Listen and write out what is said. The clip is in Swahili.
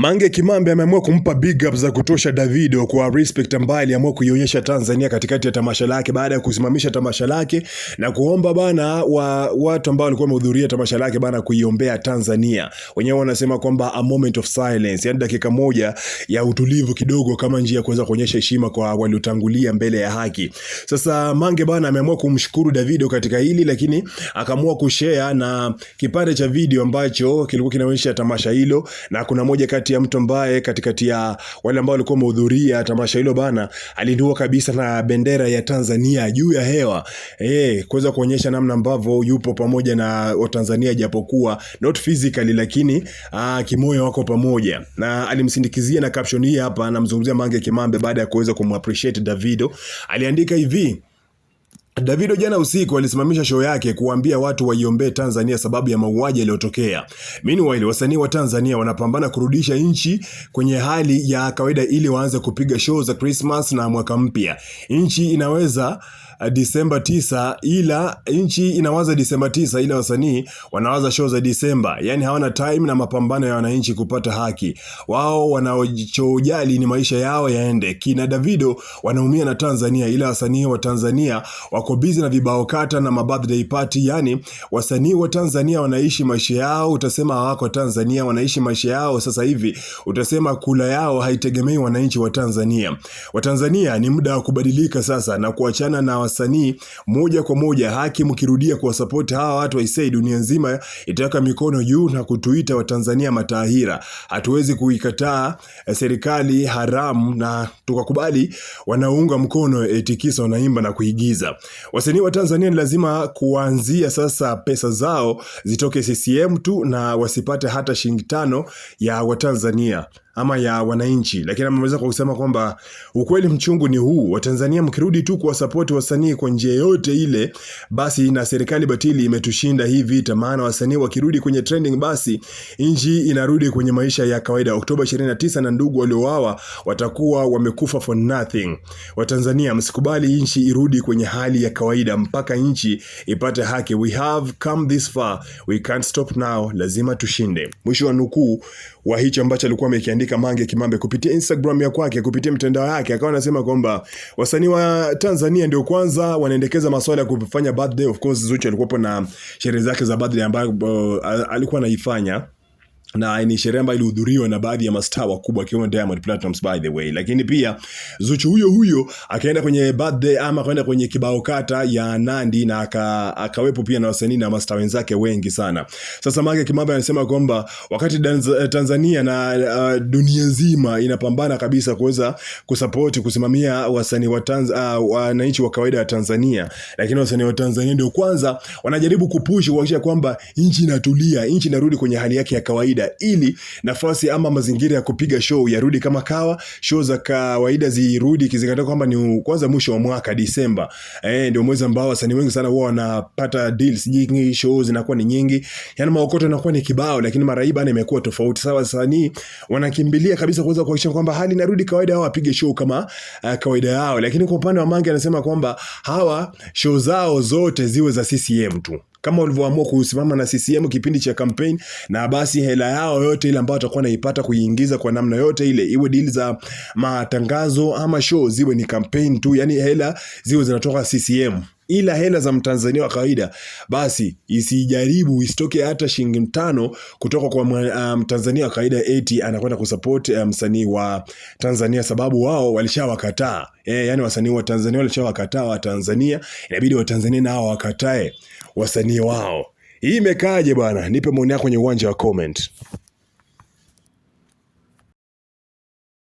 Mange Kimambe ameamua kumpa big up za kutosha Davido kwa respect ambayo aliamua kuionyesha Tanzania katikati ya tamasha lake baada ya kusimamisha tamasha lake na kuomba bana wa watu ambao walikuwa wamehudhuria tamasha lake bana kuiombea Tanzania. Wenyewe wanasema kwamba a moment of silence, yani dakika moja ya utulivu kidogo kama njia ya kuweza kuonyesha heshima kwa waliotangulia mbele ya haki. Sasa Mange bana ameamua kumshukuru Davido katika hili lakini akaamua kushare na kipande cha video ambacho kilikuwa kinaonyesha tamasha hilo na kuna moja kati katikati ya mtu ambaye katikati ya wale ambao walikuwa wamehudhuria tamasha hilo bana, alindua kabisa na bendera ya Tanzania juu ya hewa eh, kuweza kuonyesha namna ambavyo yupo pamoja na Watanzania, japokuwa not physically, lakini aa, ah, kimoyo wako pamoja, na alimsindikizia na caption hii hapa, anamzungumzia Mange Kimambe baada ya kuweza kumappreciate Davido, aliandika hivi Davido jana usiku alisimamisha show yake kuambia watu waiombee Tanzania sababu ya mauaji yaliyotokea. Meanwhile, wasanii wa Tanzania wanapambana kurudisha nchi kwenye hali ya kawaida ili waanze kupiga show za Christmas na mwaka mpya. Nchi inaweza Eh, Disemba tisa, ila nchi inawaza Disemba tisa, ila wasanii wanawaza show za Disemba. Yani hawana time na mapambano ya wananchi kupata haki. Wao wanaochojali ni maisha yao yaende. Kina Davido wanaumia na Tanzania, ila wasanii wa Tanzania wako busy na vibao kata na mabirthday party. Yani wasanii wa Tanzania wanaishi maisha yao, utasema hawako Tanzania, wanaishi maisha yao sasa hivi, utasema kula yao haitegemei wananchi wa Tanzania. Watanzania ni muda wa kubadilika sasa na kuachana na wasanii moja kwa moja. Haki mkirudia kuwasapoti hawa watu waisei, dunia nzima itaweka mikono juu na kutuita Watanzania matahira. Hatuwezi kuikataa eh, serikali haramu na tukakubali wanaunga mkono etikisa wanaimba na kuigiza. Wasanii wa Tanzania ni lazima kuanzia sasa pesa zao zitoke CCM tu na wasipate hata shilingi tano ya Watanzania ama ya wananchi, lakini ameweza kusema kwamba ukweli mchungu ni huu, Watanzania mkirudi tu kuwasapoti wasanii kwa njia yote ile, basi na serikali batili imetushinda hii vita. Maana wasanii wakirudi kwenye trending, basi nchi inarudi kwenye maisha ya kawaida. Oktoba 29 na ndugu waliouawa watakuwa wamekufa for nothing. Watanzania msikubali nchi irudi kwenye hali ya kawaida mpaka nchi ipate haki. We have come this far, we can't stop now, lazima tushinde. Mwisho wa nukuu wa hicho ambacho alikuwa amekiandika Kamange Kimambe kupitia Instagram ya kwake, kupitia mtandao yake, akawa anasema kwamba wasanii wa Tanzania ndio kwanza wanaendekeza masuala ya kufanya birthday. Of course Zuchu alikuwapo na sherehe zake za birthday ambayo uh, alikuwa anaifanya na ni sherehe ambayo ilihudhuriwa na baadhi ya mastaa wakubwa akiwemo Diamond Platnumz by the way, lakini pia Zuchu huyo huyo akaenda kwenye birthday ama akaenda kwenye kibao kata ya Nandi na aka, akawepo pia na wasanii na mastaa wenzake wengi sana. Sasa Mange Kimambi anasema kwamba wakati eh, Tanzania na uh, dunia nzima inapambana kabisa kuweza kusupport kusimamia wasanii wa uh, wananchi wa kawaida wa Tanzania, lakini wasanii wa Tanzania ndio kwanza wanajaribu kupush kuhakikisha kwamba nchi inatulia, nchi inarudi kwenye hali yake ya kawaida kawaida ili nafasi ama mazingira ya kupiga show yarudi kama kawa. Show za kawaida zirudi kizingatia kwamba ni kwanza mwisho wa mwaka Disemba, eh, ndio mwezi ambao wasanii wengi sana huwa wanapata deals nyingi, show zinakuwa ni nyingi, yani maokoto yanakuwa ni kibao, lakini mara hii bana imekuwa tofauti. Sawa, wasanii wanakimbilia kabisa kuweza kuhakikisha kwamba hali inarudi kawaida, au apige show kama uh, kawaida yao, lakini kwa upande wa Mange anasema kwamba hawa show zao zote ziwe za CCM tu kama walivyoamua kusimama na CCM kipindi cha campaign, na basi hela yao yote ile ambayo watakuwa naipata kuiingiza kwa namna yote ile, iwe deal za matangazo ama show, ziwe ni campaign tu, yani hela ziwe zinatoka CCM ila hela za Mtanzania wa kawaida basi isijaribu isitoke hata shilingi tano kutoka kwa uh, Mtanzania um, wa kawaida eti anakwenda kusupport uh, msanii um, wa Tanzania, sababu wao walishawakataa. E, yani wasanii wa Tanzania walishawakataa wa Tanzania, inabidi wa Tanzania nao wakatae wasanii wao. Hii imekaaje bwana? Nipe maoni yako kwenye uwanja wa comment.